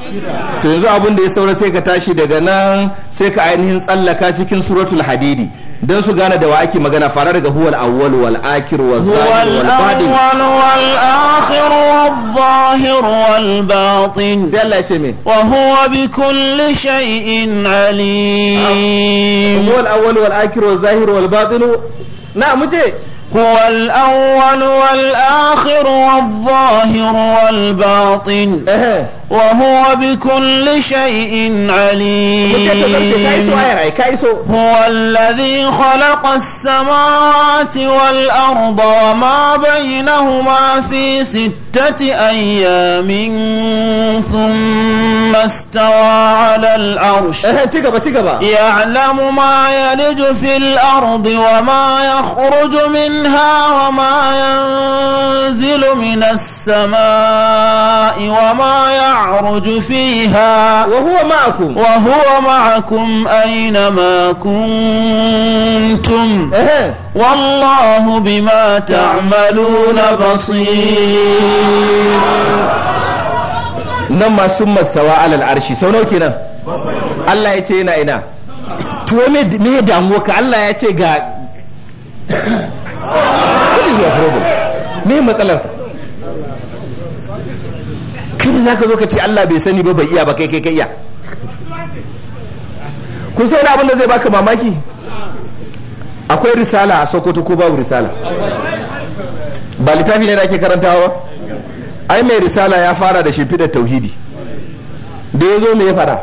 to yanzu abin da ya saura sai ka tashi daga nan sai ka ainihin tsallaka cikin suratul hadidi don su gane da wa ake magana fara daga huwal awwal wal akhir wal zahir wal batin huwal awwal wal akhir wal zahir wal batin sai Allah ce me wa huwa bi kulli shay'in alim huwal awwal wal akhir wal zahir wal batin na muje هو الأول والآخر والظاهر والباطن وهو بكل شيء عليم هو الذي خلق السماوات والأرض وما بينهما في ستة أيام ثم استوى على العرش يعلم ما يلج في الأرض وما يخرج منها منها وما ينزل من السماء وما يعرج فيها وهو معكم وهو معكم أينما كنتم والله بما تعملون بصير نما ثم استوى على العرش سونو كنا الله يتينا إنا تومي me damuwa ka Allah what is your problem me matsalar kada za ka zo ka ce Allah bai sani ba bai iya ba kai kai kai iya Ku sai abin da zai baka mamaki akwai risala a sokoto ko babu risala ba littafi ne da ake karantawa ba ai mai risala ya fara da shimfidar tauhidi da ya zo mai fara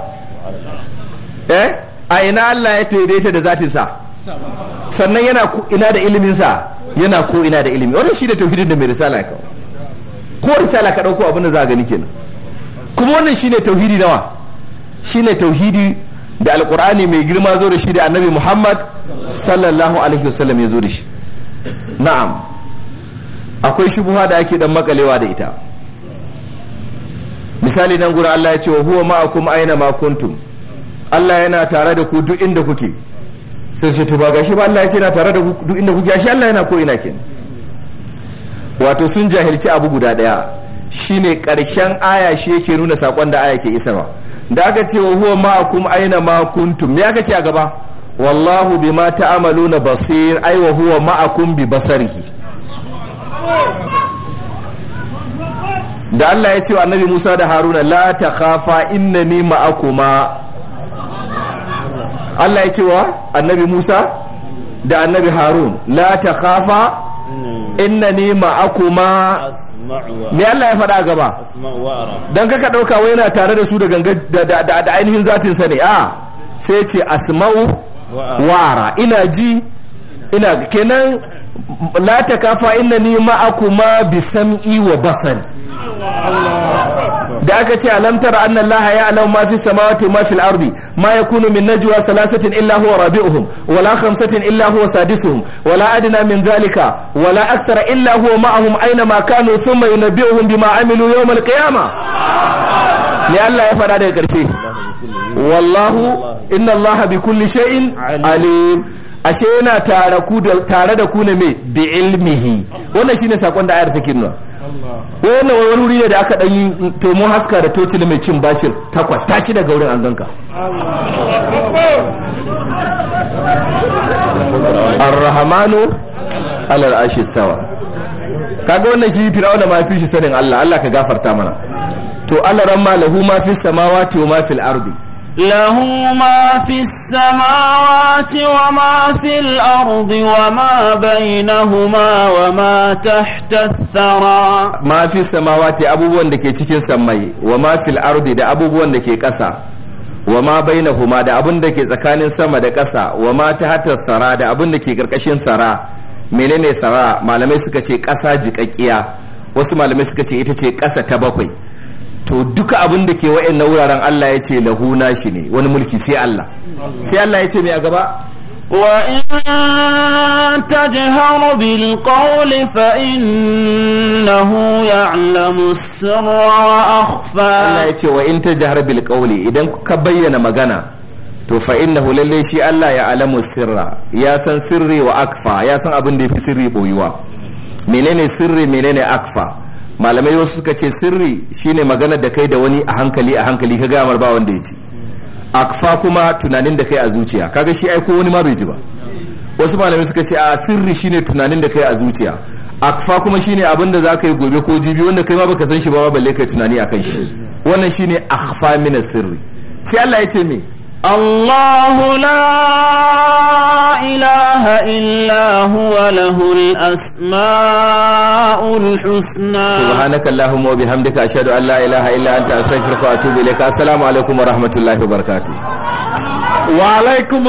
eh a ina Allah ya taidaita da zatinsa sannan yana ina da sa. yana ko ina da ilimi wannan shi da tauhidin da mai risala ka ko risala ka dauko abin da za a gani kenan kuma wannan shi ne tauhidi nawa shi ne tauhidi da alkur'ani mai girma zo da shi da annabi muhammad sallallahu alaihi wasallam ya zo da shi na'am akwai shubuha da ake dan makalewa da ita misali nan gura Allah ya ce wa huwa ma'akum aina ma kuntum Allah yana tare da ku duk inda kuke sai ce to ba gashi ba Allah ya ce na tare da duk inda kuke shi Allah yana ko ina kenan wato sun jahilci abu guda daya shine karshen aya shi yake nuna sakon da aya ke isa ba. da aka ce wa huwa ma'akum aina ma kuntum me aka ce a gaba wallahu bima ta'maluna basir ai wa huwa ma'akum bi basarihi da Allah ya ce wa annabi Musa da Haruna la takhafa innani ma'akuma Allah ya ce wa annabi Musa da annabi Harun la ta khafa ni ma'akuma me Allah ya faɗa gaba dan kaka ɗauka wai yana tare da su da ainihin zatin sa ne a sai ce asma'u wa'ara ina ji ina kenan la ta kafa ni ma'akuma bi sam'i wa basari da aka ce alam tara anna allaha ya'lamu ma fi samawati ma fil ardi ma yakunu min najwa salasatin illa huwa rabi'uhum wala khamsatin illa huwa sadisuhum wala adna min dhalika wala akthara illa huwa ma'ahum aina ma kanu thumma yunabbi'uhum bima amilu yawm al qiyamah ne Allah ya fada daga karshe wallahu inna allaha bi kulli shay'in alim ashe yana tare da ku ne me bi ilmihi wannan shine sakon da ayar take nuna wai wannan wani wuri ne da aka ɗan yi tomo haska da tocili mai cin bashir takwas tashi daga wurin an ganka arrahamanu alal ashe stawa kaga wannan shi fir'auna ma fi shi sanin Allah Allah ka gafarta mana to Allah ran ma lahu ma fi samawa wa ma fil ardi له ما في السماوات وما في الأرض وما بينهما وما تحت الثرى ما في السماوات أبوبون دكي تكين سمي وما في الأرض دا أبوبون دكي قسا وما بينهما دا أبو دكي زكان سما دا قسا وما تحت الثرى دا أبو دكي قرقشين ثرى menene ثرى ما suka ce ƙasa jiƙaƙƙiya wasu وسما suka ce ita ce ƙasa ta to duka abin da ke wa'in na wuraren Allah ya ce lahu na shi ne wani mulki sai Allah sai Allah ya ce mai a gaba وإن تجهر بالقول فإنه يعلم السر وأخفى الله يتي وإن تجهر بالقول إذن كبين to fa innahu lalle shi Allah ya alamu sirra ya san sirri wa akfa ya san abin da yafi sirri boyuwa menene sirri menene akfa malamai wasu suka ce sirri shine magana da kai da wani a hankali a hankali ka gamar ba wanda ya ci akfa kuma tunanin da kai a zuciya kaga shi aiko wani ma bai ji ba wasu malamai suka ce a sirri shine tunanin da kai a zuciya akfa kuma shine abin da zaka yi gobe ko jibi wanda kai ma baka san shi ba balle kai tunani akan shi wannan shine akhfa min sirri sai Allah ya ce me الله لا إله إلا هو له الأسماء الحسنى سبحانك اللهم وبحمدك أشهد أن لا إله إلا أنت أستغفرك وأتوب إليك السلام عليكم ورحمة الله وبركاته وعليكم